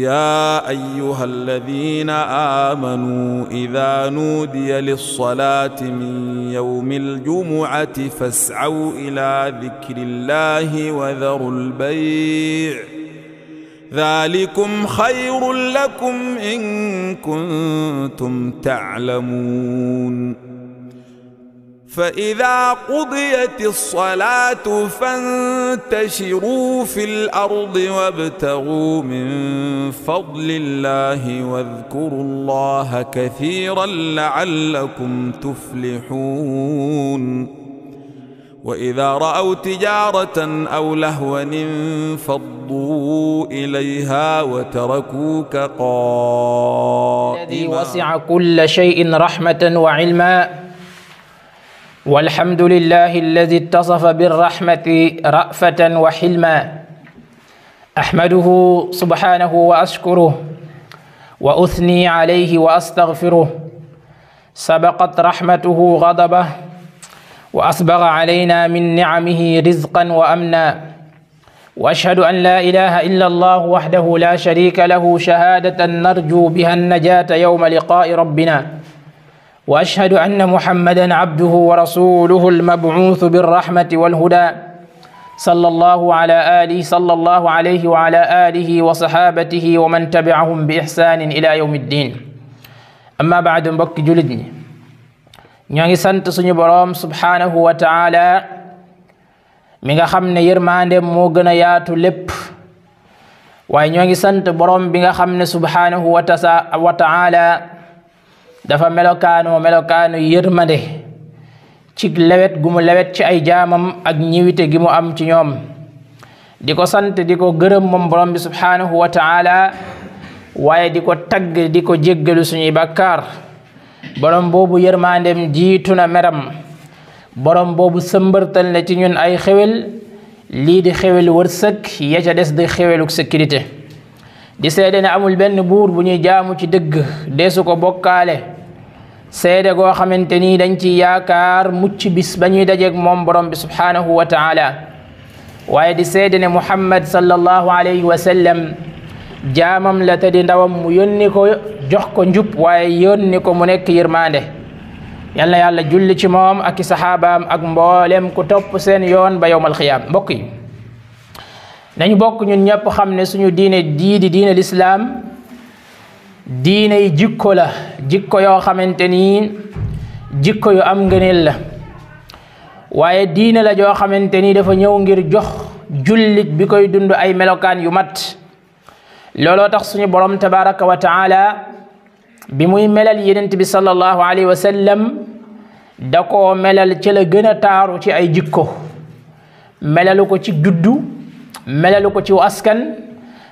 يا ايها الذين امنوا اذا نودي للصلاه من يوم الجمعه فاسعوا الى ذكر الله وذروا البيع ذلكم خير لكم ان كنتم تعلمون فإذا قضيت الصلاة فانتشروا في الأرض وابتغوا من فضل الله واذكروا الله كثيرا لعلكم تفلحون وإذا رأوا تجارة أو لهوا انفضوا إليها وتركوك قائما الذي وسع كل شيء رحمة وعلما والحمد لله الذي اتصف بالرحمة رأفة وحلما أحمده سبحانه وأشكره وأثني عليه وأستغفره سبقت رحمته غضبه وأسبغ علينا من نعمه رزقا وأمنا وأشهد أن لا إله إلا الله وحده لا شريك له شهادة نرجو بها النجاة يوم لقاء ربنا واشهد ان محمدا عبده ورسوله المبعوث بالرحمه والهدى صلى الله على اله صلى الله عليه وعلى اله وصحابته ومن تبعهم باحسان الى يوم الدين اما بعد mbokk jullit ñi ñoo ngi sant suñu boroom subhaanahu wa taala mi nga xam ne yërmaande moo gën a yaatu lépp waaye ñoo ngi sant boroom bi nga xam ne subhaanahu wa taala dafa melokaanoo melokaanu yërmande ci lawet gu mu lewet ci ay jaamam ak ñiwite gi mu am ci ñoom di ko sant di ko gërëm moom borom bi subhaanahu wa taala waaye di ko tagg di ko jéggalu suñuy bàkkaar borom boobu yërmaandem jiitu na meram borom boobu sëmbërtal na ci ñun ay xewel lii di xewel wërsëg ya ca des di xeweluk sécurité di seede amul benn buur bu ñuy jaamu ci dëgg deesu ko bokkaale seede goo xamante ni dañ ci yaakaar mucc bis ba ñuy dajeeg moom borom bi subhaanahu wa taala waaye di seede ne muhammad sallallahu alayhi wa sallam jaamam la te di ndawam mu yónni ko jox ko njub waaye yónni ko mu nekk yërmande yal na yàlla julli ci moom aki i saxaabaam ak mboolem ku topp seen yoon ba yowmal xiyaam mbokk yi nañu bokk ñun ñëpp xam ne suñu diine jii diiney jikko la jikko yoo xamante ni jikko yu am ngëneel la waaye diine la joo xamante ni dafa ñëw ngir jox jullit bi koy dund ay melokaan yu mat looloo tax suñu borom tabaraka wa taala bi muy melal yenent bi sallallahu alayhi wa sallam da koo melal ci la gën a taaru ci ay jikko melalu ko ci juddu melalu ko ci askan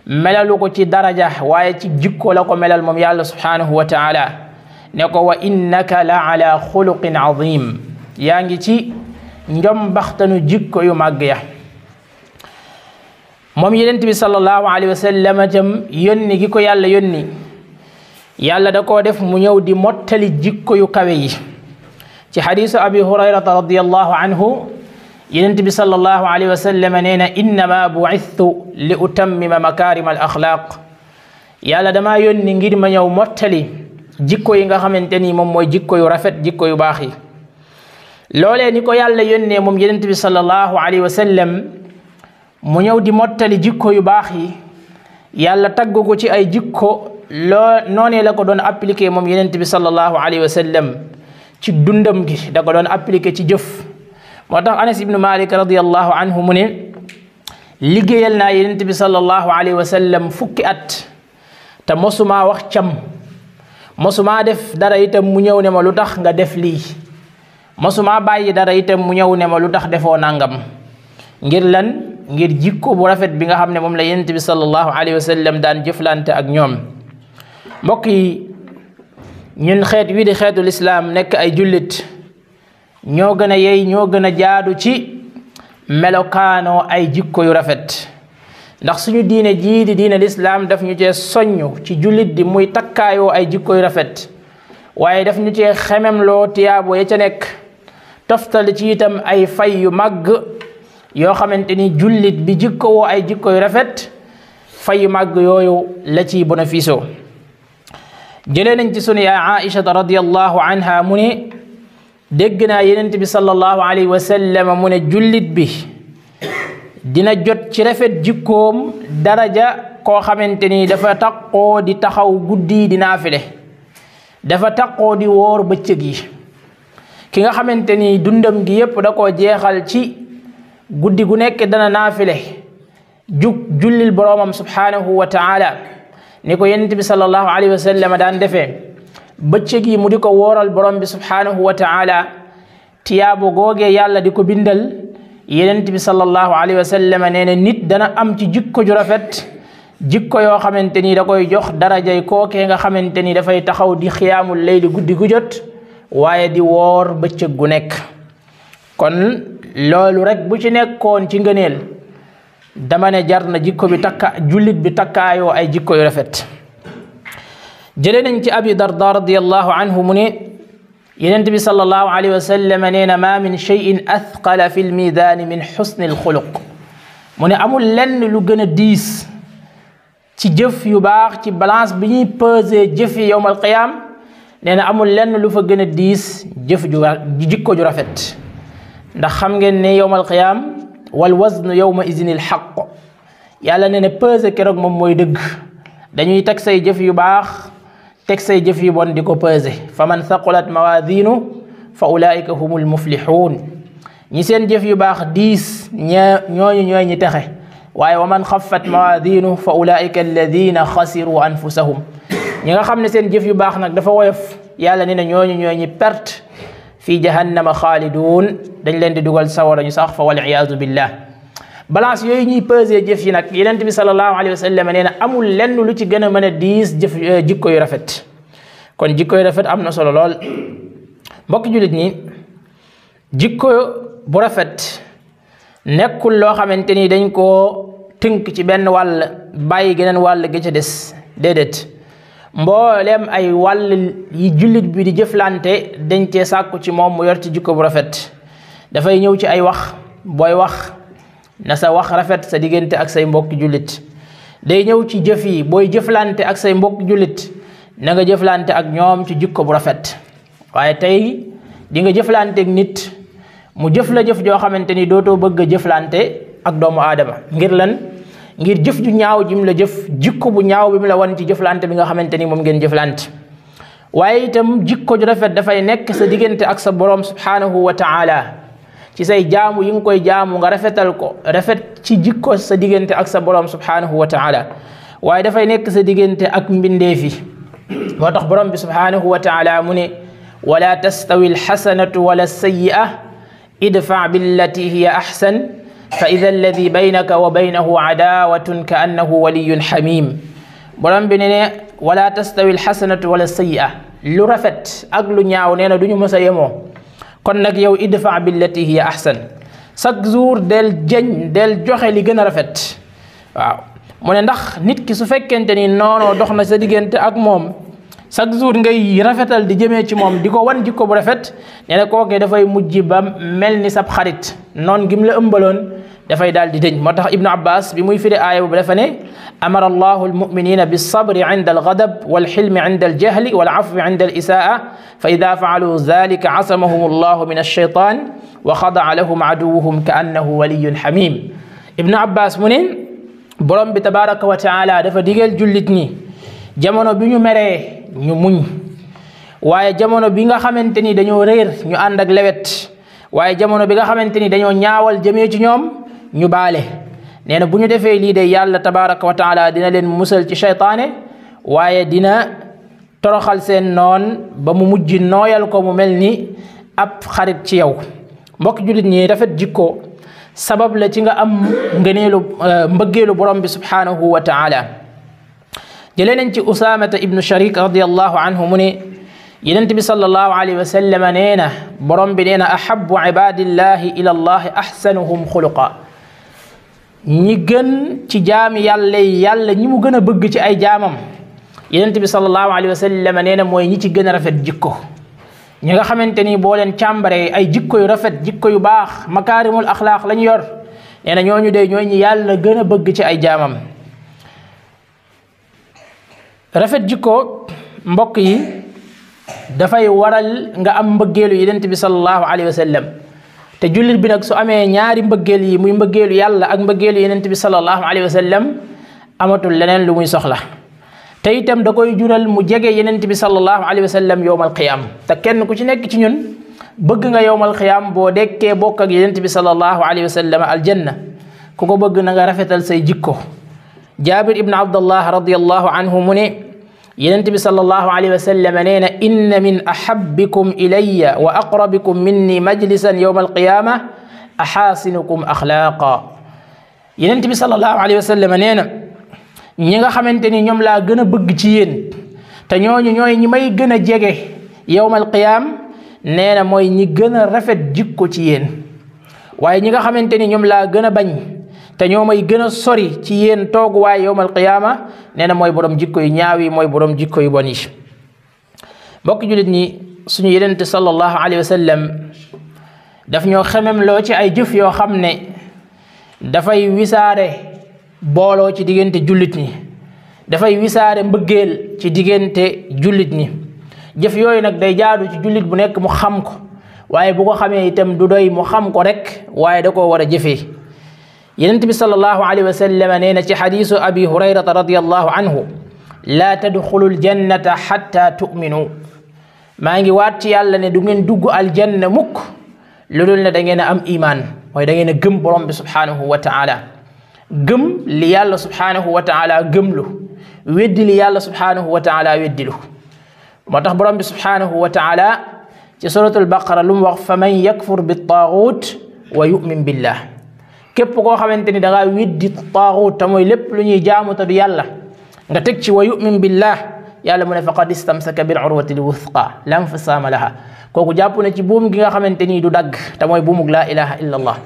melalu ko ci daraja waaye ci jikko la ko melal moom yàlla subhanahu wa taala ne ko wa innaka la ala xuluqin yaa ngi ci njombaxtanu jikko yu màgg ya moom yonent bi sallallahu alayhi wa sallam tam gi ko yàlla yónni yàlla da koo def mu ñëw di mottali jikko yu kawe yi ci xadiisu abi hurayrata radiallahu anhu yenent bi sallallahu alayhi wa sallam nee na innama bu'ithtu li utammima makaarima al axlaaq yàlla damaa yónni ngir ma ñëw mottali jikko yi nga xamante ni moom mooy jikko yu rafet jikko yu baax yi loolee ni ko yàlla yónnee moom yenent bi sallallahu alayhi wa sallam mu ñëw di mottali jikko yu baax yi yàlla tagg ko ci ay jikko loo la ko doon appliqué moom yenent bi sallallahu alayhi wa sallam ci dundam gi da ko doon appliqué ci jëf moo tax anas ibnu malik radiallahu anhu mu ne liggéeyal naa yonent bi sallallahu alayhi wa sallam fukki at te mosumaa wax cam mosumaa def dara itam mu ñëw ne ma lu tax nga def lii mosumaa bàyyi dara itam mu ñëw ne ma lu tax defoo nangam ngir lan ngir jikko bu rafet bi nga xam ne moom la yonent bi sallallahu alayhi wa sallam daan jëflante ak ñoom mbokk yi ñun xeet wii di xeetu lislaam nekk ay jullit ñoo gën a yey ñoo gën a jaadu ci melokaanoo ay jikko yu rafet ndax suñu diine jii di diine lislaam daf ñu cee soññ ci jullit di muy takkaayoo ay jikko yu rafet waaye daf ñu cee xememloo tiyaabo ya ca nekk toftal ci itam ay fay yu màgg yoo xamante ni jullit bi jikko ay jikko yu rafet fay yu màgg yooyu la ciy bénéfice jëlee nañ ci sunu yaay Aïcha radiyallahu anha mu ne dégg naa yenent bi sallallahu alayhi wa mu ne jullit bi dina jot ci rafet jikkoom daraja koo xamante ni dafa taqoo di taxaw guddi di naafile dafa taqoo di woor bëccëg yi ki nga xamante ni dundam gi yépp da koo jeexal ci guddi gu nekk dana naafile jug jullil boroomam subhaanahu wa taala ni ko yenent bi sallallahu alayhi wa sallam daan defee bëccëg yi mu di ko wooral borom bi subhaanahu wa taala tiyaabo googe yàlla di ko bindal yenent bi sallallahu alayhi wa sallam nee na nit dana am ci jikko ju rafet jikko yoo xamante ni da koy jox darajay kookee nga xamante ni dafay taxaw di xiyaamul layli guddi gu jot waaye di woor bëccëg gu nekk kon loolu rek bu ci nekkoon ci ngëneel dama ne jar na jikko bi takka jullit bi takkaayoo ay jikko yu rafet jëlee nañ ci abi darda radiallahu anhu mu ne yenent bi sallallahu alayhi wa sallam nee na maa min cheyin athqala fi lmidaani min xusni alxuluq mu ne amul lenn lu gën a diis ci jëf yu baax ci balance bi ñuy peser jëf yi yowm alqiyaam nee amul lenn lu fa gën a diis jëf ju jikko ju rafet ndax xam ngeen ne yowm alqiyaam wal waznu yowma idin alxaq yàlla nee na peser keroog moom mooy dëgg dañuy teg say jëf yu baax teg say jëf yu bon di ko pesé fa man thaqulat mawaazinu fa ulaika humul muflixuun ñi seen jëf yu baax diis ñee ñooñu texe waaye wa man xaffat mawaazinu fa ulaika alladina xasiru anfusahum ñi nga xam ne seen jëf yu baax nag dafa woyof yàlla ni na ñooñu ñooy ñi perte fii jahannama xaaliduun dañ leen di dugal sawara ñu sax fa wal iyaazu billah balance yooyu ñuy peser jëf yi nag yenent bi sallallahu alayhi wa sallam nee na amul lenn lu ci gën a mën a diis jëf euh, jikko yu rafet kon jikko yu rafet am na solo lool mbokki jullit ñi jikko bu rafet nekkul loo xamante ni dañ koo tënk ci benn wàll bàyyi geneen wàll gi ca des déedéet mbooleem ay wàll yi jullit bi di jëflante dañ cee sàkku ci moom mu yor ci jikko bu rafet dafay ñëw ci ay wax booy wax na sa wax rafet sa diggante ak say mbokki jullit day ñëw ci jëf yi booy jëflante ak say mbokki jullit na nga jëflante ak ñoom ci jikko bu rafet waaye tey di nga jëflante ak nit mu jëf la jëf joo xamante ni dootoo bëgg a jëflante ak doomu aadama ngir lan ngir jëf ju ñaaw ji mu la jëf jikko bu ñaaw bi mu la wan ci jëflante bi nga xamante ni moom ngeen jëflante waaye itam jikko ju rafet dafay nekk sa diggante ak sa borom subhanahu wa ta'ala ci say jaamu yi nga koy jaamu nga rafetal ko rafet ci jikko sa diggante ak sa borom subhanahu wa taala waaye dafay nekk sa diggante ak mbindeef yi moo tax borom bi subhanahu wa taala mu ne wala tastawi alxasanatu wala sayi'a idfa billati hiya ahsan fa ida alladi baynaka wa baynahu adawatun ka annahu waliyun xamim borom bi wala tastawi alxasanatu wala lu rafet ak lu ñaaw nee na du ñu mos a yemoo kon nag yow idfa billati hiya ahsan chaque jour del jëñ del joxe li gën a rafet waaw mu ne ndax nit ki su fekkente ni noonoo dox na sa diggante ak moom chaque jour ngay rafetal di jëmee ci moom di ko wan jikko bu rafet nee na kookee dafay mujj ba mel ni sab xarit noon gi mu la ëmbaloon dafay daal di dëñ moo tax ibnu abbas bi muy firi aaya boobu dafa ne amara allahu almuminina bilsabri inda algadab walxilmi inda aljahli walafwi inda alisaa fa ida faaluu dalika asamahum allahu min alcheytan wa xadaa lahum aduwuhum ka annahu waliyun xamim ibnu abbas mu ne borom bi tabaraka wa taala dafa digal jullit ñi jamono bi ñu meree ñu muñ waaye jamono bi nga xamante ni dañoo réer ñu ànd ak lewet waaye jamono bi nga xamante ni dañoo ñaawal jëmee ci ñoom ñu baale nee na bu ñu defee lii de yàlla tabaraka wa taala dina leen musal ci shaytaane waaye dina toroxal seen noon ba mu mujj nooyal ko mu mel ni ab xarit ci yow mbokk jullit ñi rafet jikko sabab la ci nga am ngëneelu euh, mbëggeelu borom bi subhaanahu wa taala jëlee nañ ci usaamata ibnu sharik radiallahu anhu mu ne yonent bi sallallahu alayhi wa sallam nee na borom bi nee na ahabu ibadillahi ila allahi ahsanuhum xuluqa ñi gën ci jaam yàlla yàlla ñi mu gën a bëgg ci ay jaamam yonent bi sallallahu alayhi wa sallam nee na mooy ñi ci gën a rafet jikko ñi nga xamante ni boo leen càmbaree ay jikko yu rafet jikko yu baax makaarimul axlaaq lañu yor nee na ñooñu de ñooy ñi na gën a bëgg ci ay jaamam rafet jikko mbokk yi dafay waral nga am mbëggeelu yonent bi sallallahu alayhi wa sallam te jullit bi nag su amee ñaari mbëggeel yi muy mbëggeelu yàlla ak mbëggeelu yenent bi sallallahu alayhi wa sallam amatul leneen lu muy soxla te itam da koy jural mu jege yenent bi sallallahu alayhi wa sallam yowmal qiyaam te kenn ku ci nekk ci ñun bëgg nga yowmal qiyaam boo dekkee bokk ak yenent bi sallallahu alayhi wa sallam aljanna ku ko bëgg na nga rafetal say jikko jaabir ibn abdallah radiallahu anhu mu ne yenent bi sallallahu alayhi wa sallam nee na inna min ahabbikum ilayya wa aqrabikum minni majlisan yawma alqiyama axaasinukum axlaaqa yenent bi sallallahu alayhi wa sallam nee na ñi nga xamante ni ñoom laa gën a bëgg ci yéen te ñooñu ñooy ñi may gën a jege yawmal qiyaam nee na mooy ñi gën a rafet jikko ci yéen waaye ñi nga xamante ni ñoom laa gën a bañ te ñoo may gën a sori ci yéen tooguwaay yowmal qiyaama nee na mooy borom jikko yu ñaaw yi mooy borom jikko yu bon yi mbokk jullit ñi suñu yenente sallallahu alayhi wa sallam daf ñoo xemem ci ay jëf yoo xam ne dafay wisaare booloo ci diggante jullit ñi dafay wisaare mbëggeel ci diggante jullit ñi jëf yooyu nag day jaadu ci jullit bu nekk mu xam ko waaye bu xamee itam du doy mu xam ko rek waaye da koo war a jëfee yonent bi sallallahu alayhi wa sallam nee na ci xadiisu abi hurayrata radiyallahu anhu laa tadxulul jannata xatta tu'minu maa ngi waat ci yàlla ne du ngeen dugg aljanna mukk lu dul ne da ngeen a am imaan mooy da ngeen a gëm borom bi subhaanahu wa ta'ala gëm li yàlla subhaanahu wa ta'ala gëmlu weddi li yàlla subhaanahu wa ta'ala weddilu moo tax borom bi subhaanahu wa ta'ala ci suratul baqara lu mu wax fa man yakfur bit taaguut wa yu'min billah képp koo xamante ni da ngaa widdi taaxut te mooy lu ñuy jaamu te du yàlla nga teg ci wa yumin billah yàlla mu ne faqad istamsaka bil urwati l wuthqa la nfisaama laha kooku jàpp na ci buum ki nga xamante ni du dagg te mooy buumug laa ilaha illa allah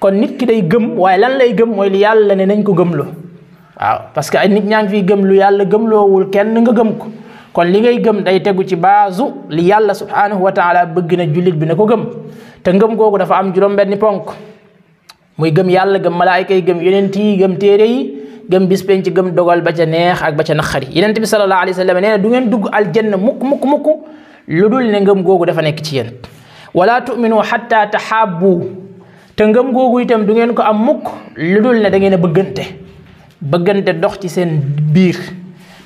kon nit ki day gëm waaye lan lay gëm mooy li yàlla ne nañ ko gëmlu waaw parce que ay nit ñaa ngi fiy gëm lu yàlla gëm gëmloowul kenn nga gëm ko kon li ngay gëm day tegu ci baasu li yàlla subhanahu wa taala bëgg na jullit bi na ko gëm te ngëm googu dafa am juróom ponk muy gëm yàlla gëm malaayka yi gëm yonent yi gëm téere yi gëm bis penc gëm dogal ba ca neex ak ba ca naqari yonent bi sallallahu alayhi wa sallam nee na du ngeen dugg aljanna mukk mukk mukk lu dul ne ngëm googu dafa nekk ci yéen wala tuminu xatta taxaabu te ngëm googu itam du ngeen ko am mukk lu dul ne da ngeen a bëggante bëggante dox ci seen biir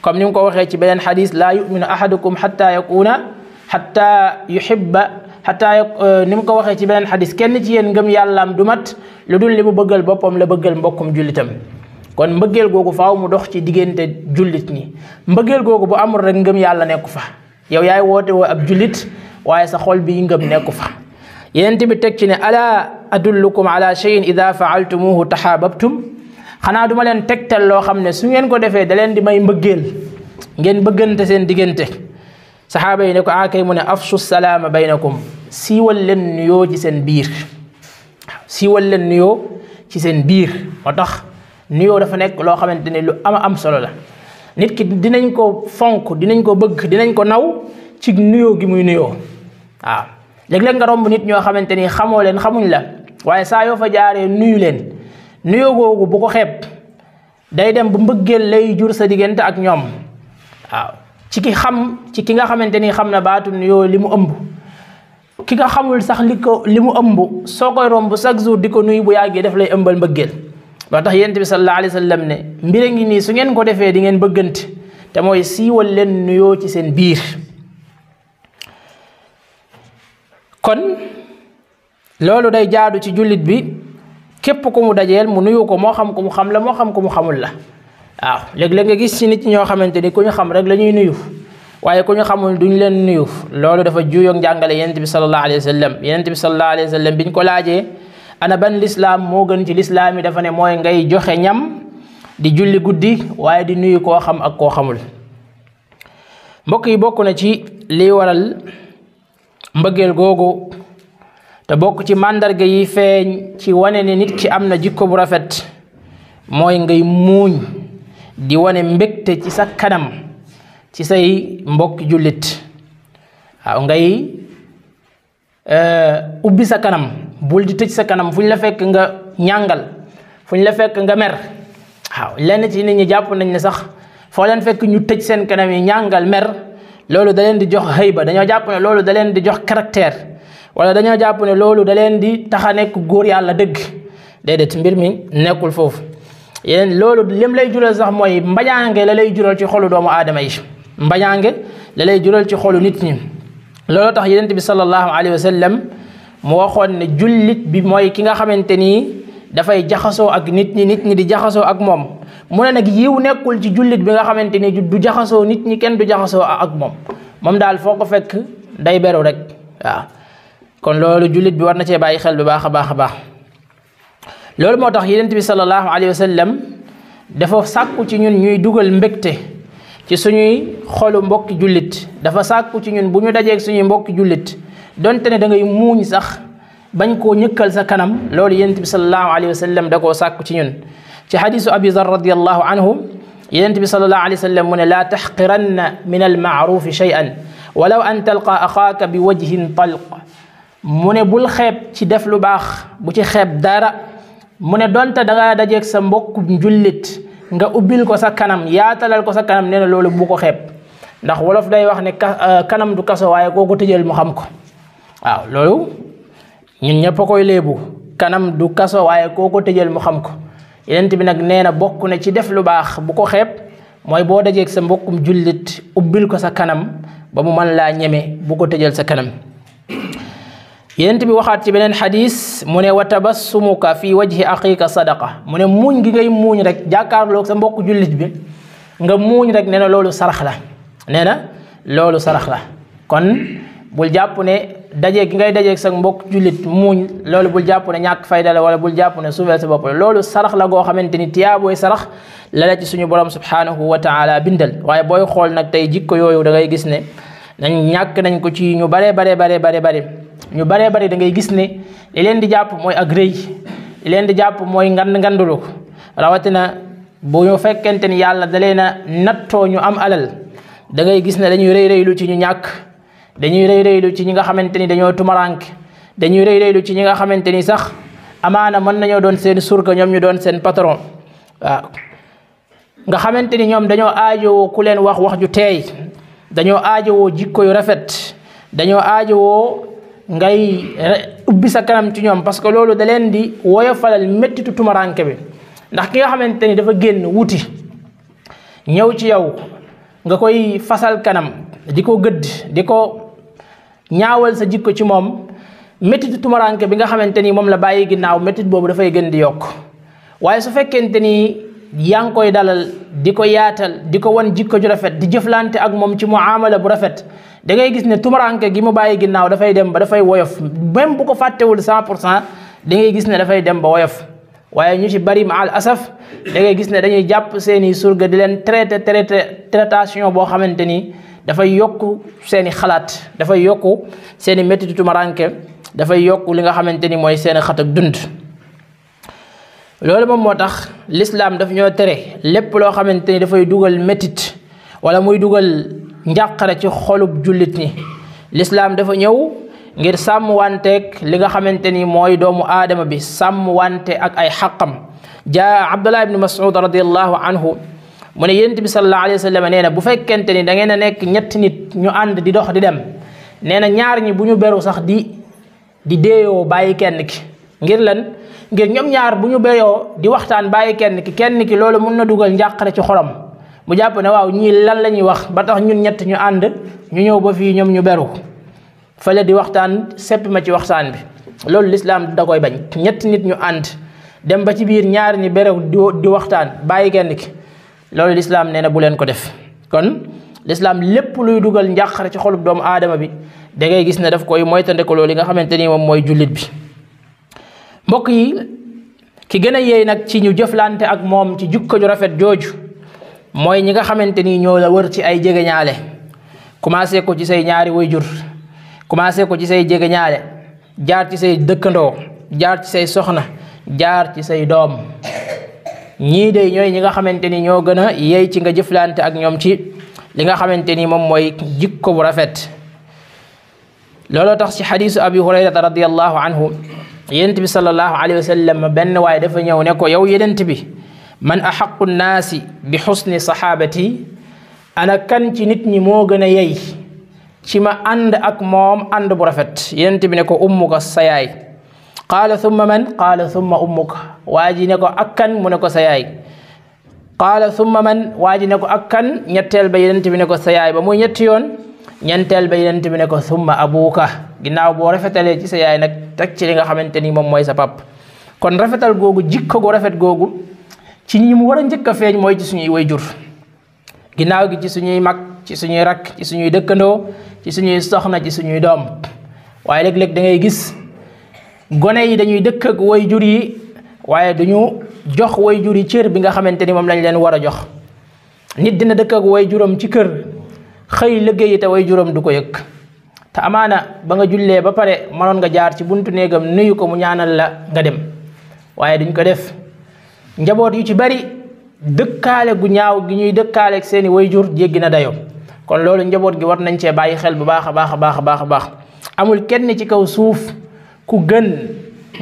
comme ni mu ko waxee ci beneen xadis laa yuminu ahadukum xatta yakuna xatta yuhibba xataa euh, ni mu ko waxee ci beneen xadis kenn ci yéen ngëm yàllaam du mat lu dul li mu bëggal boppam la bëggal mbokkum jullitam kon mbëggeel googu faaw mu dox ci diggante jullit ni mbëggeel googu bu amul rek ngëm yàlla nekku fa yow yaay woote woo ab jullit waaye sa xol bi ngëm nekku fa yeneen bi teg ci ne ala adullukum ala cheyin ida faaltumuhu taxaababtum xanaa duma leen tegtal loo xam ne su ngeen ko defee da leen di may mbëggeel ngeen bëggante seen diggante saxaaba yi ne ko ah kay mu ne afshu salaama baynakum siiwal leen nuyoo ci seen biir siiwal leen nuyoo ci seen biir moo tax nuyoo dafa nekk loo xamante ne lu ama am solo la nit ki dinañ ko fonk dinañ ko bëgg dinañ ko naw ci nuyoo gi muy nuyoo waaw léeg-léeg nga romb nit ñoo xamante ni xamoo leen xamuñ la waaye saa yoo fa jaaree nuyu leen nuyoo googu bu ko xeeb day dem bu mbëggeel lay jur sa diggante ak ñoom waaw ci ki xam ci ki nga xamante ni xam na baatu nuyoo li mu ëmb ki nga xamul sax li ko li mu ëmb soo koy romb chaque jour di ko nuyu bu yàggee daf lay ëmbal mbëggeel loo tax yonent bi sallallahu alayhi wa sallam ne mbir a ngi nii su ko defee di ngeen bëggante te mooy siiwal leen nuyoo ci seen biir kon loolu day jaadu ci jullit bi képp ku mu dajeel mu nuyu ko moo xam ko mu xam la moo xam ku mu xamul la waaw léegi la nga gis ci nit ñoo xamante ni ku ñu xam rek la ñuy nuyu waaye ku ñu xamul duñ leen nuyu loolu dafa juyoog njàngale yent bi sallallahu alayhi wa sallam yonent bi sallallahu alayhi wa bi ñu ko laajee ana ban lislaam moo gën ci lislaam yi dafa ne mooy ngay joxe ñam di julli guddi waaye di nuyu koo xam ak koo xamul mbokk yi bokk na ci liy waral mbëggeel googu te bokk ci màndarga yi feeñ ci wane ne nit ki am na jikko bu rafet mooy ngay muuñ di wane mbëgte ci sa kanam ci say mbokk jullit waaw ngay eh, ubbi sa kanam bul di tëj sa kanam fu ñu la fekk nga ñàngal fu ñu la fekk nga mer waaw lenn ci nit ñi jàpp nañ ne sax foo leen fekk ñu tëj seen kanam yi ñàngal mer loolu da leen di jox xëyba dañoo jàpp ne loolu da leen di jox caractère wala dañoo jàpp ne loolu da leen di tax a nekk góor yàlla dëgg déedéet mbir mi nekkul foofu yéen loolu lim lay jural sax mooy mbañaange la lay jural ci xolu doomu aadama yi mbañaange la lay jural ci xolu nit ñi looloo tax yonent bi sallallahu alayhi wa sallam mu waxoon ne jullit bi mooy ki nga xamante ni dafay jaxasoo ak nit ñi nit ñi di jaxasoo ak moom mu ne nag yiw nekkul ci jullit bi nga xamante ni du jaxasoo nit ñi kenn du jaxasoo ak moom moom daal foo ko fekk day beru rek waaw kon loolu jullit bi war na cee bàyyi xel bu baax a baax a baax loolu moo tax yonent bi sallallahu alayhi wa sallam dafa sàkku ci ñun ñuy dugal mbégte ci suñuy xolu mbokki jullit dafa sàkku ci ñun bu ñu dajeeg suñuy mbokki jullit donte ne da ngay muuñ sax bañ koo ñëkkal sa kanam loolu yonent sa sallallahu alayhi wa sallam da koo sàkku ci ñun ci xadisu abi zar radiallahu anhu yonent bi sallallahu alayhi wa mu ne laa taxqiranna min almaarufi shay'an walaw an talqa axaaka bi wajhin talq mu ne bul xeeb ci def lu baax bu ci xeeb dara mu ne donte dangaa dajeeg sa mbokku jullit nga ubbil ko sa kanam yaatalal ko sa kanam nee na loolu bu ko xeeb ndax wolof day wax ne euh, kanam du kaso koo ko tëjal mu xam ko waaw loolu ñun ñëpp koy léebu kanam du kaso waaye koo ko tëjal mu xam ko yenent bi nag nee na bokk na ci def lu baax bu ko xeep mooy boo dajeeg sa mbokkum jullit ubbil ko sa kanam ba mu mën laa ñeme bu ko tëjal sa kanam yonent bi waxaat ci beneen xadis mu ne wa tabassumuka fi wajhi aqiika sadaqa mu ne muuñ gi ngay muuñ rek jàkkaarloog sa mbokk jullit bi nga muuñ rek nee na loolu sarax la nee na loolu sarax la kon bul jàpp ne daje gi ngay dajeeg sa mbokk jullit muuñ loolu bul jàpp ne ñàkk faydale la wala bul jàpp ne suufeel sa bopp loolu sarax la goo xamante ni tiyaabooy sarax la la ci suñu borom subhaanahu wa taala bindal waaye booy xool nag tey jikko yooyu da ngay gis ne nañ ñàkk nañ ko ci ñu bare bare bare bare bare ñu baree bari da ngay gis ni li leen di jàpp mooy ak rëy leen di jàpp mooy ngand ngandulu rawatina boo ñu fekkente ni yàlla da leen a nattoo ñu am alal dangay gis ne dañuy rëy rëylu ci ñu ñàkk dañuy rëy rëylu ci ñi nga xamante ni dañoo dañuy rëy ci ñi nga xamante ni sax amaana mën nañoo doon seen surga ñoom ñu doon seen patron nga xamante ñoom dañoo aajowoo ku leen wax wax ju teey dañoo aajowoo jikko yu rafet dañoo aajowoo ngay ubbi sa kanam ci ñoom parce que loolu da leen di woyofalal méttitu tumaranke bi ndax ki nga xamante ni dafa génn wuti ñëw ci yow nga koy fasal kanam di ko gëdd di ko ñaawal sa jikko ci moom méttitu tumaranke bi nga xamante ni moom la bàyyi ginnaaw méttit boobu dafay gën di yokk waaye su fekkente ni yaa ngi koy dalal di ko yaatal di ko wan jikko ju rafet di jëflante ak moom ci muamala bu rafet da ngay gis ne tumuranke gi mu bàyyi ginnaaw dafay dem ba dafay woyof même bu ko fàttewul cent pour cent da ngay gis ne dafay dem ba woyof waaye ñu ci bari ma al asaf da ngay gis ne dañuy jàpp seeni surga di leen traité traité traitation boo xamante ni dafay yokk seeni xalaat dafay yokk seeni métti tumuranke dafay yokk li nga xamante ni mooy seeni xat ak dund loolu moom moo tax l'islam daf ñoo tere lépp loo xamante ni dafay dugal métit wala muy dugal njàqare ci xolub jullit ñi lislaam dafa ñëw ngir sàmm wanteeg li nga xamante ni mooy doomu aadama bi sàmm wante ak ay xaqam jaa abdullah ibni mas'ud radiallahu anhu mu ne yonent bi sallallahu alayhi wa sallam nee bu fekkente ni da ngeen a nekk ñetti nit ñu ànd di dox di dem nee na ñaar ñi bu ñu beru sax di di déeyoo bàyyi kenn ki ngir lan ngir ñoom ñaar bu ñu béyoo di waxtaan bàyyi kenn ki kenn ki loolu mun na dugal njàqare ci xolam mu jàpp ne waaw ñii lan la ñuy wax ba tax ñun ñett ñu ànd ñu ñëw ba fii ñoom ñu beru fale di waxtaan seppi ma ci waxtaan bi loolu lislaam da koy bañ ñett nit ñu ànd dem ba ci biir ñaar ñi berew di waxtaan bàyyi kenn ki loolu lislaam nee na bu leen ko def kon lislaam lépp luy dugal njàqare ci xolub doomu aadama bi da ngay gis ne daf koy moytandiku loolu li nga xamante ni moom mooy jullit bi mbokk yi ki gën a yéey nag ci ñu jëflante ak moom ci jukko ju rafet jooju mooy ñi nga xamante ni ñoo la wër ci ay jegeñaale commencé ko ci say ñaari jur commencé ko ci say jegeñaale jaar ci say dëkkandoo jaar ci say soxna jaar ci say doom ñii de ñooy ñi nga xamante ni ñoo gën a yey ci nga jëflante ak ñoom ci li nga xamante ni moom mooy jikko bu rafet looloo tax ci xadiisu abi hurayrata radiallahu anhu yent bi sallallahu alayhi wa sallam benn waaye dafa ñëw ne ko yow yeneent bi man axaqu nnaasi bi xusni saxaabati ana kan ci nit ñi moo gën a yey ci ma ànd ak moom ànd bu rafet yonent bi ne ko ummuka sayaay yaay qaala summa man qaala summa ummuka waa ji ne ko ak kan mu ne ko sayaay yaay qaala summa man waa ji ne ko ak kan ñetteel ba yonent bi ne ko sa ba muy ñetti yoon ñeenteel ba yonent bi ne ko summa abuuka ginnaaw boo rafetalee ci sa yaay nag teg ci li nga xamante ni moom mooy sa pap kon rafetal googu jikko gu rafet googu ci ñi mu war a njëkk a feeñ mooy ci suñuy woy jur ginnaaw gi ci suñuy mag ci suñuy rakk ci suñuy dëkkandoo ci suñuy soxna ci suñuy doom waaye léeg-léeg da ngay gis gone yi dañuy dëkk ak way jur yi waaye duñu jox way jur yi cër bi nga xamante ni moom lañ leen war a jox nit dina dëkk ak way juram ci kër xëy liggéeyi te way juram du ko yëg te amaana ba nga jullee ba pare mënoon nga jaar ci buntu néegam nuyu ko mu ñaanal la nga dem waaye duñ ko def njaboot yu ci bari dëkkaale gu ñaaw gi ñuy dëkkaale ak seeni wayjur jéggi na dayo kon loolu njaboot gi war nañ cee bàyyi xel bu baax a baax a baax a baax a baax amul kenn ci kaw suuf ku gën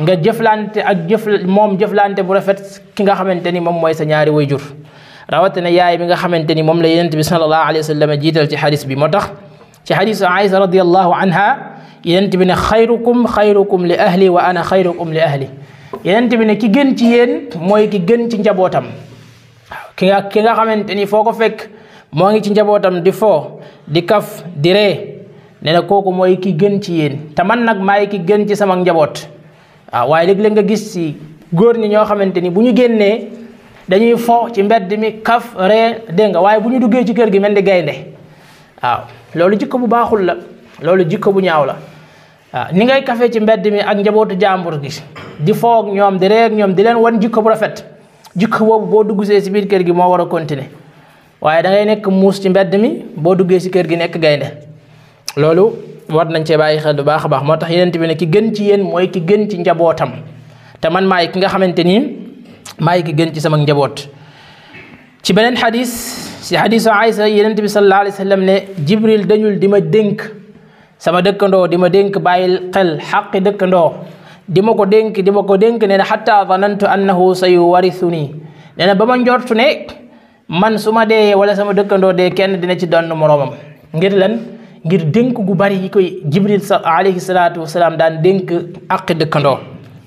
nga jëflante ak jëf moom jëflante bu rafet ki nga xamante ni moom mooy sa ñaari way wayjur na yaay bi nga xamante ni moom la yonent bi sallallahu alayhi wa sallam jiital ci xadis bi moo tax ci xadisu Aïsa radiyallahu anha yonent bi ne xayrukum xayrukum li ahli wa ana xayrukum li ahli yenent bi ne ki génn ci yéen mooy ki gën ci njabootam ki nga ki nga xamante ni foo ko fekk moo ngi ci njabootam di foo di kaf di ree nee kooku mooy ki gën ci yéen te man nag maay ki gën ci sama njaboot waaw waaye léeg-léeg nga gis ci góor ñi ñoo xamante ni bu ñu génnee dañuy fo ci mbedd mi kaf ree dégg nga waaye bu ñu duggee ci kër gi mel ni gaynde waaw loolu jikko bu baaxul la loolu jikko bu ñaaw la waaw ah, ni ngay kafe ci mbedd mi ak njabootu jàmbur gi di foog ñoom di reeg ñoom di leen wan jikko bu rafet jikko boobu boo duggsee si biir kër gi moo war a continuer waaye dangay nekk muus ci mbedd mi boo duggee ci kër gi nekk gaynde loolu war nañ cee bàyyi xel bu baax a baax moo tax yeneen bi ne ki gën ci yéen mooy ki gën ci njabootam te man maay ki nga xamante ni maay ki gën ci sama njaboot ci beneen xadis si xadisu Aysa yeneen bi sallallahu alayhi wa sallam ne Jibril dañul di ma dénk sama dëkkandoo di ma dénk bàyyil xel xaqi dëkkandoo di ma ko dénk di ma ko dénk nee na xatta zanantu annahu sa yuwarisu nii nee na ba ma njortu ne man su ma dee wala sama dëkkandoo dee kenn dina ci donn moroomam ngir lan ngir dënk gu bari yi koy jibril sa alayhi salaatu wasalaam daan dénk aqi dëkkandoo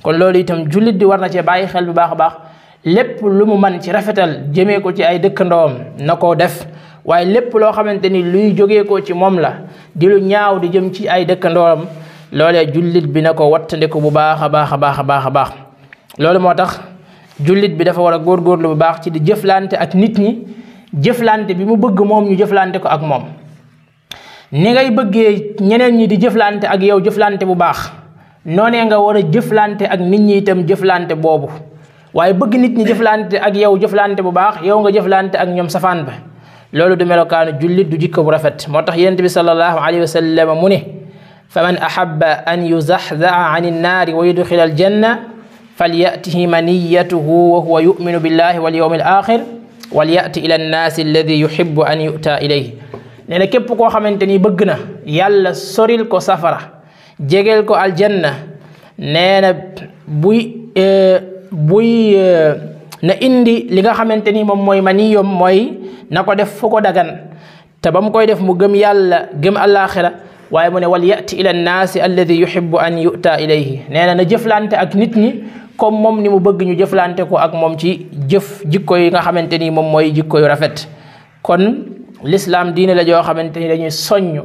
kon loolu itam jullit di war na cee bàyyi xel bu baax a baax lépp lu mu man ci rafetal jëmee ko ci ay dëkkandoom na koo def waaye lépp loo xamante ni luy jógee ko ci moom la di lu ñaaw di jëm ci ay dëkkandooram loole jullit bi na ko wattandiku bu baax a baax a baax a baax a baax loolu moo tax jullit bi dafa war a góor góorgóorlu bu baax ci di jëflante ak nit ñi jëflante bi mu bëgg moom ñu jëflante ko ak moom ni ngay bëggee ñeneen ñi di jëflante ak yow jëflante bu baax noonee nga war a jëflante ak nit ñi jëflante boobu waaye bëgg nit ñi jëflante ak yow jëflante bu baax yow nga jëflante ak ñoom safaan ba loolu du melokaanu jullit du jikko bu rafet moo tax yonent bi sallallahu alayhi wa sallam mu ne faman ahabba an yuzaxzaxa an innaari wa yudxila aljanna falyatihi maniyatuhu wa huwa yuminu billahi wal yawmi al axir walyati ila annaasi alladi yuxibu képp koo xamante ni bëgg na yàlla soril ko safara jegeel ko aljanna nee na buy euh, euh, na indi li nga xamante ni moom mooy maniyom mooy na ko def fu dagan te ba mu koy def mu gëm yàlla gëm àllaaxira waaye mu ne wal yati ila nnaasi alladi yuhibbu an yuta ilayhi nee na na jëflante ak nit ñi comme moom ni bëgg ñu jëflante ko ak moom ci jëf jikko yi nga xamante ni moom mooy jikko yu rafet kon lislaam diine la joo xamante ni dañuy soññ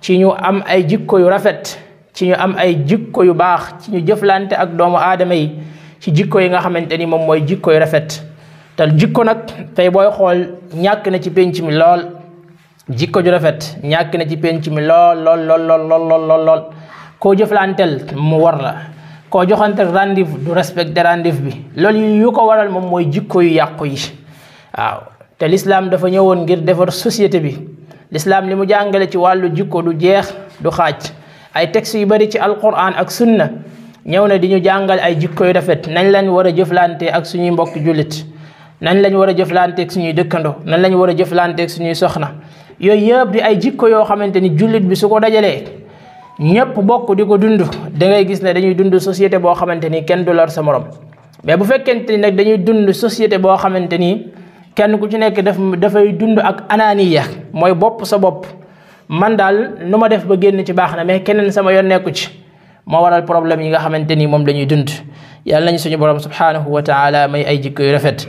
ci ñu am ay jikko yu rafet ci ñu am ay jikko yu baax ci ñu jëflante ak doomu aadama yi ci jikko yi nga xamante ni moom mooy jikko yu rafet te jikko nag tey booy xool ñàkk na ci penc mi lool jikko ju rafet ñàkk na ci penc mi lool lool lool lool lool koo jëflanteel mu war la koo joxanteel rendez-vous du respecté rendez bi loolu yu ko waral moom mooy jikko yu yàqu yi waaw te lislaam dafa ñëwoon ngir defar société bi l'islam li mu jàngale ci wàllu jikko du jeex du xaaj ay textes yu bari ci alquran ak sunna ñëw na di ñu jàngal ay jikko yu rafet nañ leen war a jëflante ak suñuy mbokk jullit nan lañ war a jëflanteeg suñuy dëkkandoo nan lañ war a jëflanteeg suñuy soxna yooyu yëpp di ay jikko yoo xamante ni jullit bi su ko dajalee ñëpp bokk di ko dund da ngay gis ne dañuy dund société boo xamante ni kenn du lor sa morom mais bu fekkente ni nag dañuy dund société boo xamante ni kenn ku ci nekk daf dafay dund ak ananiya mooy bopp sa bopp man daal nu ma def ba génn ci baax na mais keneen sama yoon nekku ci moo waral problème yi nga xamante ni moom la dund yàlla nañu suñu borom subhanahu wa taala may ay jikko yu rafet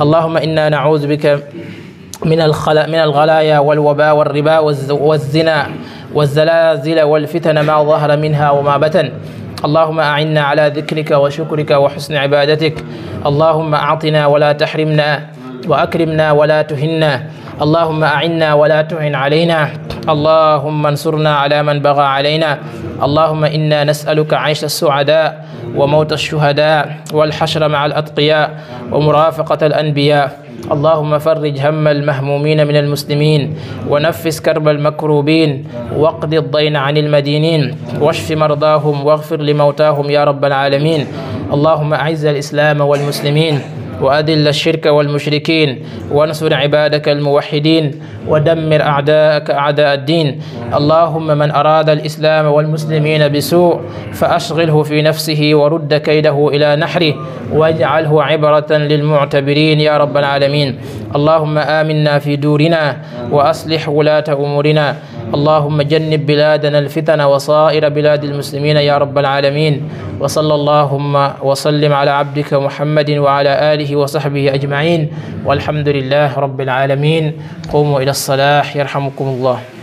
allahuma inna naudu bika min alxala min alxalaaya walwaba walriba walzina walzalazila walfitana ma dahara minha wa ma batan اللهم أعنا على ذكرك وشكرك وحسن عبادتك اللهم أعطنا ولا تحرمنا وأكرمنا ولا تهنا اللهم أعنا ولا تعن علينا اللهم انصرنا على من بغى علينا اللهم إنا نسألك عيش السعداء وموت الشهداء والحشر مع الأتقياء ومرافقة الأنبياء اللهم فرج هم المهمومين من المسلمين ونفس كرب المكروبين واقض الضين عن المدينين واشف مرضاهم واغفر لموتاهم يا رب العالمين اللهم أعز الإسلام والمسلمين وأذل الشرك والمشركين وانصر عبادك الموحدين ودمر أعداءك أعداء الدين اللهم من أراد الإسلام والمسلمين بسوء فأشغله في نفسه ورد كيده إلى نحره واجعله عبرة للمعتبرين يا رب العالمين اللهم آمنا في دورنا وأصلح ولاة أمورنا اللهم جنب بلادنا الفتن وصائر بلاد المسلمين يا رب العالمين وصلى اللهم وسلم على عبدك محمد وعلى آله وصحبه أجمعين والحمد لله رب العالمين قوموا إلى الصلاح يرحمكم الله